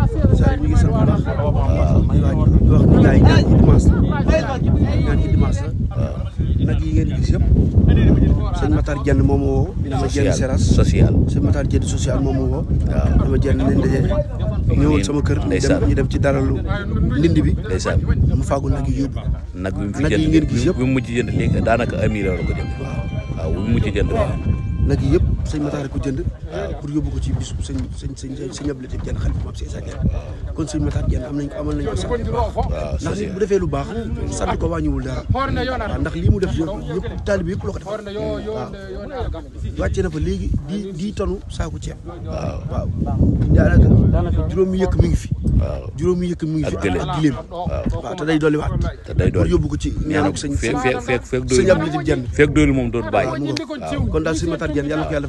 saa yi ñu ngi sant Matar moo woo dama jënd seras social sëñ Matar Dieng social moom moo woo dama jënd nañ daje ñëwal sama kër ñu dem ci daralu ndindi bi mu fàggul nag yi yóbbu nag yi ngeen gis yëpp bi mu mujj jënd léegi daanaka ay million la ko waaw waaw mu mujj jënd nag yëpp sëñ Matar ko jënd pour yóbbu ko ci bis sëñ sëñ sëñ sëñ Abdou Latif Diène xalifa Mame Cheikh Issa Diène kon sëñ Matar Diène am nañ ko amal nañ ko sant ndax bu defee lu baax sant ko wàññiwul dara ndax lii mu def yëpp taalib yëpp ko def waaw wàcce na fa léegi di di tonu saaku ceeb waaw daanaka juróomi yëkk mi ngi fi juróomi yëkk mi ngi fi ak gileem waaw te day dolli waat te day dolli yóbbu ko ci ñaanu sëñ sëñ Abdou Latif Diène fekk doyul moom doon bàyyi kon daal sëñ Matar Diène yàlla ko yàlla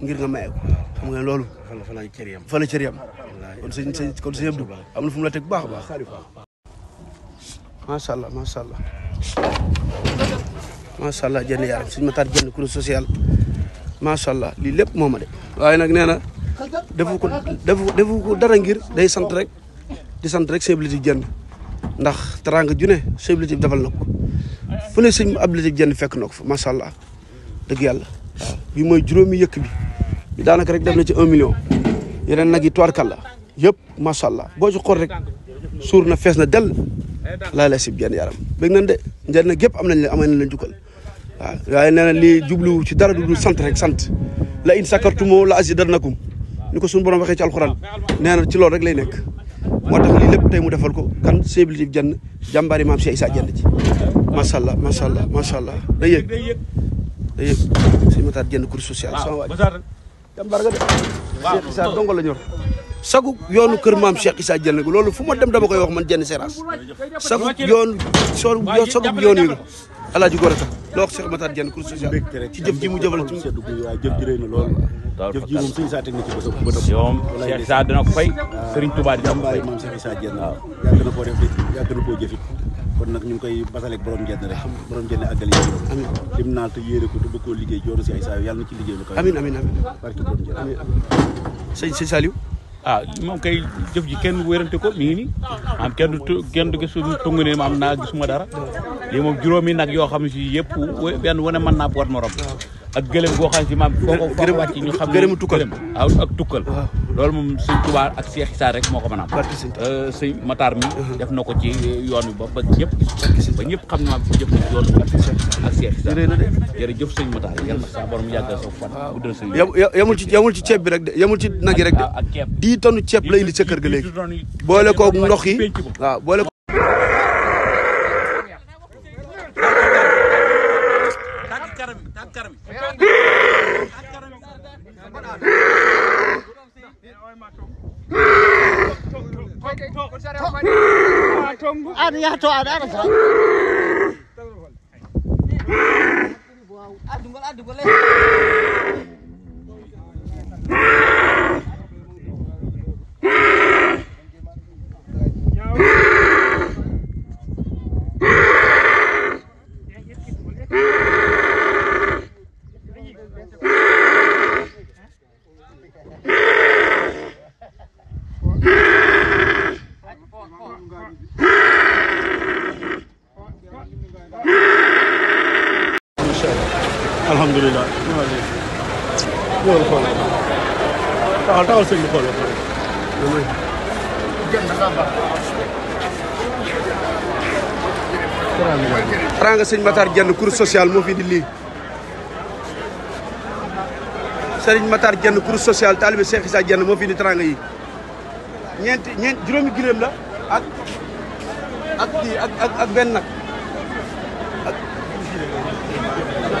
ngir nga maye ko xam nga lolu fa la ceriyam fa la ceriyam yam kon sëñ kon sëñ abdou am na la allah masha allah allah jenn yaram sëñ ma tar jenn kuréel social masha allah lii lépp mooma de waye nak neena defu ko defu defu ko dara ngir day sante rek di sante rek sëñ abdou jenn ndax teranga ju ne sëñ abdou defal na ko fu abdou jenn fek nako ko fa allah dëgg bi mooy juróomi yëkk bi bi daanaka rek def na ci un million yeneen nag yi toirkal la yëpp macha allah boo ci xool rek suur na fees na dell laa la si benn yaram bëgg nañ de njëriñ nag yëpp am nañ la am nañ la jukkal waaw waaye nee na lii jublu ci dara du dul sant rek sant la in sakartumo la azidannakum ni ko suñu borom waxee ci alxuraan nee na ci loolu rek lay nekk moo tax lii lépp tey mu defal ko kan cibliti jenn jàmbaari maam Cheikh Issa jenn ji macha allah macha allah macha allah day yëg te suñu mataar jënd cour sociale sama waaj jàmbaar nga de dongo la ñor sagu yoonu kër maam Cheikh Issa jël na ko loolu dem dama koy wax man sagu yoon sagu yoon yi alaaji góor a wax Cheikh Matar jenn cour sociale ci jëf ji mu jëfal ci jëf ji rëy na jëf ji moom suñu saa teg na ci bësam bëtam yoom Cheikh Issa ko fay Serigne Touba di Cheikh na def na jëfit kon nag ñu ngi koy basaleeg borom jenn rek xam jenn àggali yéen amiin lim naa te ko te bëggoo liggéey joonu si ay saa yàlla na ci liggéey lu ko amiin amiin amiin ah moom kay jëf ji kenn wérante ko mi ngi nii am kenn du kenn du gis ma ne naa gisuma dara lii moom juróomi nag yoo xam ne si yëpp benn wane mën naa boot morom ak gëlëm goo xam si maam foo ko foo ko wàcc ñu xam gëlëmu tukkal ak tukkal loolu moom sëñ Tuubaa ak Seex Isaa rek moo ko mën a am euh, sëñ Matar mi uh-huh. def na ko ci euh, yoon wi ba ba ñëpp gis ba ñëpp xam ne maam jëf na yoon ak Seex Isaa jërëjëf sëñ Matar yal na sa borom yàggal sa fan guddal sa yamul ci yamul ci ceeb bi rek de yamul ci nag yi rek de dix tonnes ceeb la indi sa kër ga léegi boole ko ndox yi waaw আর ইয়াটো আর আর আর দুগল আর দুগল alhamdulilah. taxal taxal sëñ bi xool teraanga sëñ Matar Jenn cour sociale moo fi di lii sëriñ Matar Jenn cour sociale taalibe Cheikh Issa Jenn moo fi di teraanga yi ñeenti juróomi giléem la ak ak benn nag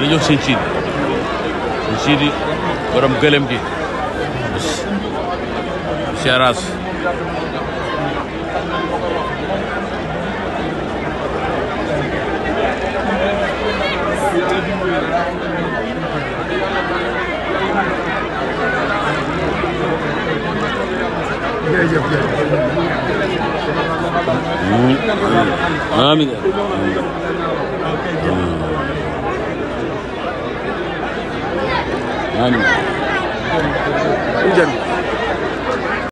dana jox sëñ siidi sëñ siidi borom gëlëm gi seeraas Amin. Mm. Amin. Mm. Mm. Amin. Amin.